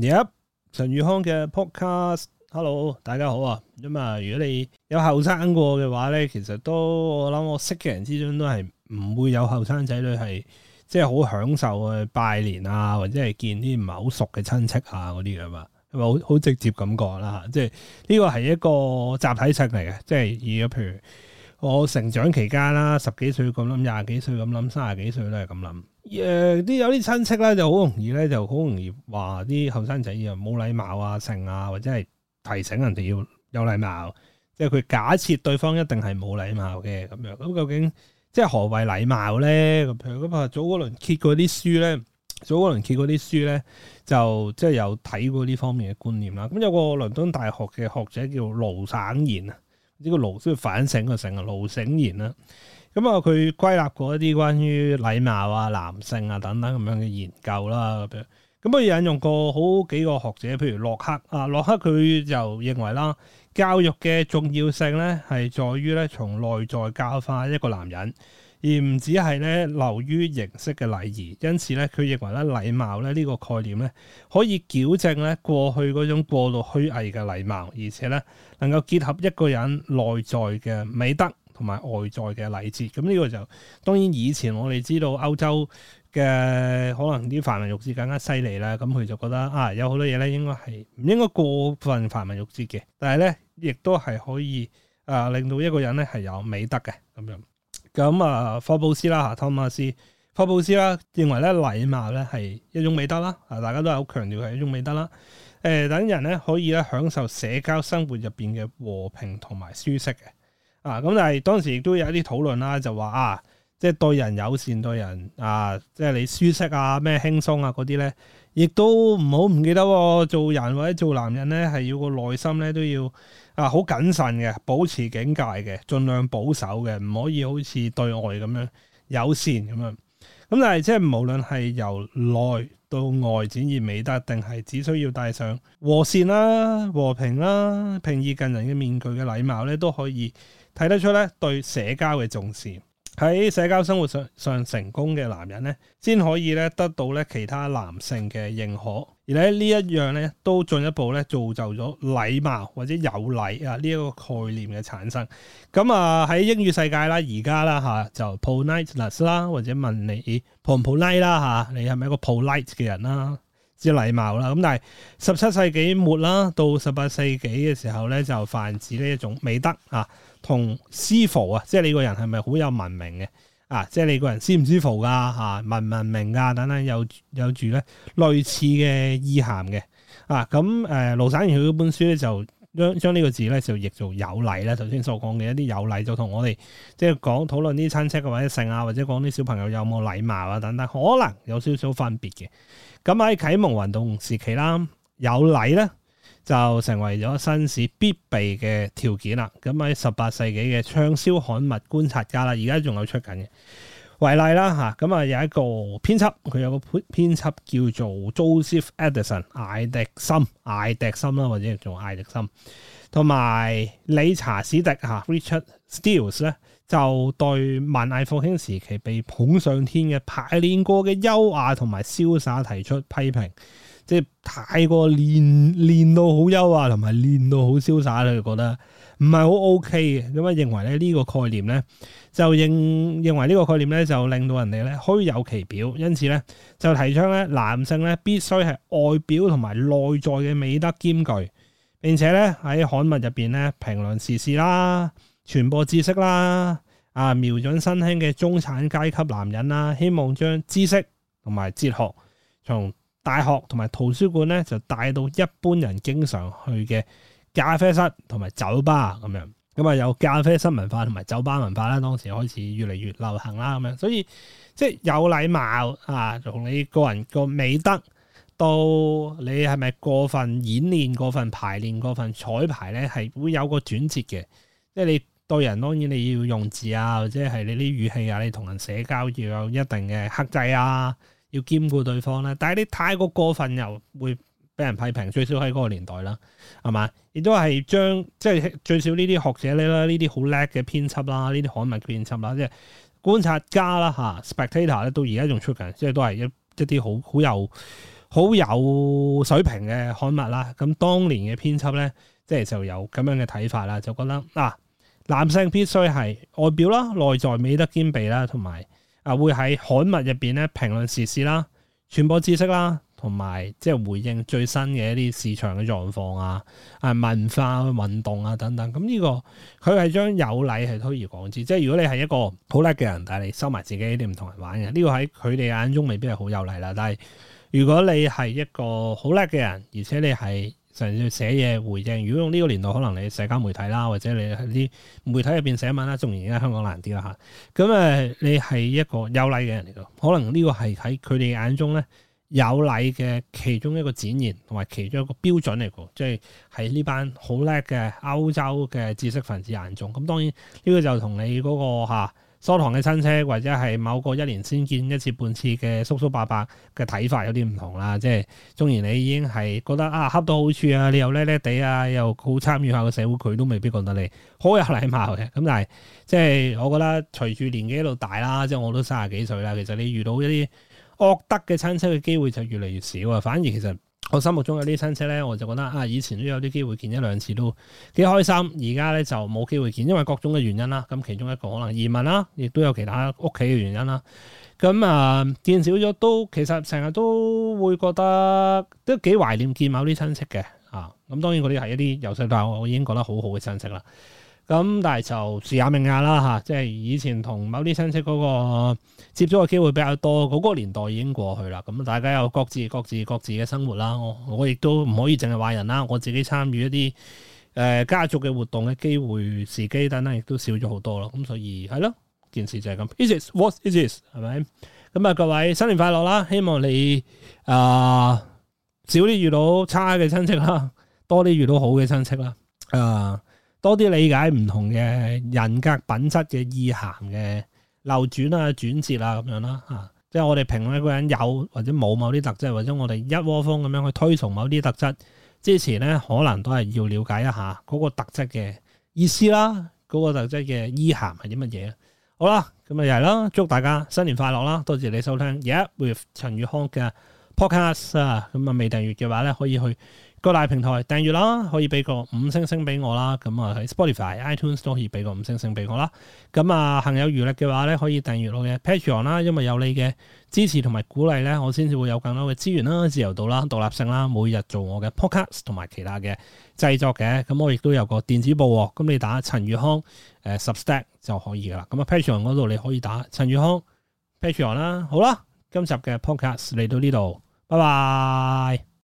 而家陳宇康嘅 podcast，hello，大家好啊，咁啊，如果你有後生過嘅話咧，其實都我諗我識嘅人之中都係唔會有後生仔女係即係好享受去拜年啊，或者係見啲唔係好熟嘅親戚啊嗰啲嘅嘛，係咪好好直接咁講啦吓？即係呢個係一個集體性嚟嘅，即係而家譬如。我成長期間啦，十幾歲咁諗，廿幾歲咁諗，三十幾歲都係咁諗。誒、呃，啲有啲親戚咧就好容易咧就好容易話啲後生仔又冇禮貌啊、成啊，或者係提醒人哋要有禮貌。即係佢假設對方一定係冇禮貌嘅咁樣。咁究竟即係何為禮貌咧？譬如咁啊，早嗰輪揭過啲書咧，早嗰輪揭過啲書咧，就即係有睇過呢方面嘅觀念啦。咁有個倫敦大學嘅學者叫盧省賢啊。呢個盧需要反省嘅成個盧醒然啦，咁啊，佢歸納過一啲關於禮貌啊、男性啊等等咁樣嘅研究啦咁樣，咁、嗯、佢引用過好幾個學者，譬如洛克啊，洛克佢就認為啦，教育嘅重要性咧係在於咧從內在教化一個男人。而唔止係咧流於形式嘅禮儀，因此咧佢認為咧禮貌咧呢、這個概念咧可以矯正咧過去嗰種過度虛偽嘅禮貌，而且咧能夠結合一個人內在嘅美德同埋外在嘅禮節。咁、嗯、呢、呢個就當然以前我哋知道歐洲嘅可能啲繁文縟節更加犀利啦，咁、嗯、佢就覺得啊有好多嘢咧應該係唔應該過分繁文縟節嘅，但係咧亦都係可以啊、呃、令到一個人咧係有美德嘅咁樣。咁啊，霍布斯啦嚇，托馬斯霍布斯啦，認為咧禮貌咧係一種美德啦，啊，大家都係好強調係一種美德啦。誒，等人咧可以咧享受社交生活入邊嘅和平同埋舒適嘅。啊，咁但係當時亦都有一啲討論啦，就話啊，即係對人友善，對人啊，即係你舒適啊，咩輕鬆啊嗰啲咧。亦都唔好唔記得喎，做人或者做男人咧，係要個內心咧都要啊好謹慎嘅，保持警戒嘅，儘量保守嘅，唔可以好似對外咁樣友善咁樣。咁但係即係無論係由內到外展現美德，定係只需要戴上和善啦、啊、和平啦、啊、平易近人嘅面具嘅禮貌咧，都可以睇得出咧對社交嘅重視。喺社交生活上上成功嘅男人咧，先可以咧得到咧其他男性嘅認可，而咧呢一樣咧都進一步咧造就咗禮貌或者有禮啊呢一個概念嘅產生。咁啊喺英語世界啦，而家啦嚇就 politeness 啦，less, 或者問你 po 唔 polite 啦嚇，不不 less, 你係咪一個 polite 嘅人啦？即禮貌啦，咁但係十七世紀末啦，到十八世紀嘅時候咧，就泛指呢一種美德啊，同舒服啊，即係你個人係咪好有文明嘅啊？即係你個人舒唔舒服噶啊？文唔文明噶等等，有有住咧類似嘅意涵嘅啊。咁、嗯、誒、啊，盧生賢佢本書咧就將將呢個字咧就譯做有禮啦。頭先所講嘅一啲有禮，就同我哋即係講討論啲親戚嘅委實性啊，或者講啲小朋友有冇禮貌啊等等，可能有少少分別嘅。咁喺啟蒙運動時期啦，有禮咧就成為咗紳士必備嘅條件啦。咁喺十八世紀嘅暢銷刊物觀察家啦，而家仲有出緊嘅。為例啦嚇，咁啊有一個編輯，佢有個編編輯叫做 Joseph Edison 艾迪森艾迪森啦，或者做艾迪森，同埋理查史迪嚇 Richard Steels 咧，就對文藝復興時期被捧上天嘅排練過嘅優雅同埋瀟灑提出批評，即係太過練練到好優雅同埋練到好瀟灑，佢覺得。唔係好 OK 嘅，咁啊認為咧呢個概念咧就認認為呢個概念咧就令到人哋咧虛有其表，因此咧就提倡咧男性咧必須係外表同埋內在嘅美德兼具，並且咧喺刊物入邊咧評論時事啦、傳播知識啦、啊瞄準新興嘅中產階級男人啦，希望將知識同埋哲學從大學同埋圖書館咧就帶到一般人經常去嘅咖啡室同埋酒吧咁樣，咁啊有咖啡室文化同埋酒吧文化啦，當時開始越嚟越流行啦咁樣，所以即係有禮貌啊，同你個人個美德到你係咪過分演練、過分排練、過分排練、過分彩排咧，係會有個轉折嘅。即係你對人當然你要用字啊，或者係你啲語氣啊，你同人社交要有一定嘅克制啊，要兼顧對方咧。但係你太過過分又會。俾人批評，最少喺嗰個年代啦，係嘛？亦都係將即係最少呢啲學者咧，呢啲好叻嘅編輯啦，呢啲刊物編輯啦，即係觀察家啦吓 spectator 咧，啊、ator，到而家仲出緊，即係都係一一啲好好有好有水平嘅刊物啦。咁當年嘅編輯咧，即係就有咁樣嘅睇法啦，就覺得嗱、啊，男性必須係外表啦，內在美德兼備啦，同埋啊會喺刊物入邊咧評論時事啦，傳播知識啦。同埋即係回應最新嘅一啲市場嘅狀況啊，啊文化運動啊等等，咁、嗯、呢、這個佢係將有禮係推而廣之。即係如果你係一個好叻嘅人，但係你收埋自己啲唔同人玩嘅，呢、這個喺佢哋眼中未必係好有禮啦。但係如果你係一個好叻嘅人，而且你係成日要寫嘢回應，如果用呢個年代，可能你社交媒體啦，或者你喺啲媒體入邊寫文啦，仲而家香港難啲啦嚇。咁、嗯、誒、嗯，你係一個有禮嘅人嚟嘅，可能呢個係喺佢哋眼中咧。有禮嘅其中一個展現，同埋其中一個標準嚟嘅，即係喺呢班好叻嘅歐洲嘅知識分子眼中。咁當然呢、呢個就同你嗰、嗰個嚇疏、啊、堂嘅親戚，或者係某個一年先見一次半次嘅叔叔伯伯嘅睇法有啲唔同啦。即係縱然你已經係覺得啊恰到好處啊，你又叻叻哋啊，又好參與下個社會，佢都未必覺得你好有禮貌嘅。咁但係即係我覺得隨住年紀一路大啦，即係我都三十幾歲啦，其實你遇到一啲惡得嘅親戚嘅機會就越嚟越少啊！反而其實我心目中有啲親戚呢，我就覺得啊，以前都有啲機會見一兩次都幾開心，而家呢就冇機會見，因為各種嘅原因啦。咁其中一個可能移民啦，亦都有其他屋企嘅原因啦。咁、嗯、啊，見少咗都其實成日都會覺得都幾懷念見某啲親戚嘅啊。咁當然嗰啲係一啲由細到大我已經覺得好好嘅親戚啦。咁、嗯、但係就試下明啊啦嚇，即係以前同某啲親戚嗰個接觸嘅機會比較多，嗰、那個年代已經過去啦。咁大家有各自各自各自嘅生活啦。我我亦都唔可以淨係話人啦，我自己參與一啲誒、呃、家族嘅活動嘅機會時機等等亦都少咗好多咯。咁所以係咯，件事就係咁。It、is what it is 係咪？咁、嗯、啊，各位新年快樂啦！希望你啊、呃、少啲遇到差嘅親戚啦，多啲遇到好嘅親戚啦。啊、呃！多啲理解唔同嘅人格品質嘅意涵嘅流轉啊、轉折啊咁樣啦，吓、啊、即係我哋評論一個人有或者冇某啲特質，或者我哋一窩蜂咁樣去推崇某啲特質之前咧，可能都係要了解一下嗰個特質嘅意思啦，嗰、嗰個特質嘅意涵係啲乜嘢？好啦，咁咪又係啦，祝大家新年快樂啦！多謝你收聽，而、yeah, 家 with 陳宇康嘅。podcast 啊，咁啊未訂閱嘅話咧，可以去各大平台訂閱啦，可以俾個五星星俾我啦。咁啊喺 Spotify、iTunes 都可以俾個五星星俾我啦。咁啊，行有餘力嘅話咧，可以訂閱我嘅 Patreon 啦。因為有你嘅支持同埋鼓勵咧，我先至會有更多嘅資源啦、自由度啦、獨立性啦，每日做我嘅 podcast 同埋其他嘅製作嘅。咁我亦都有個電子報，咁你打陳宇康誒、呃、subscribe 就可以噶啦。咁啊 Patreon 嗰度你可以打陳宇康 Patreon 啦。好啦，今集嘅 podcast 嚟到呢度。拜拜。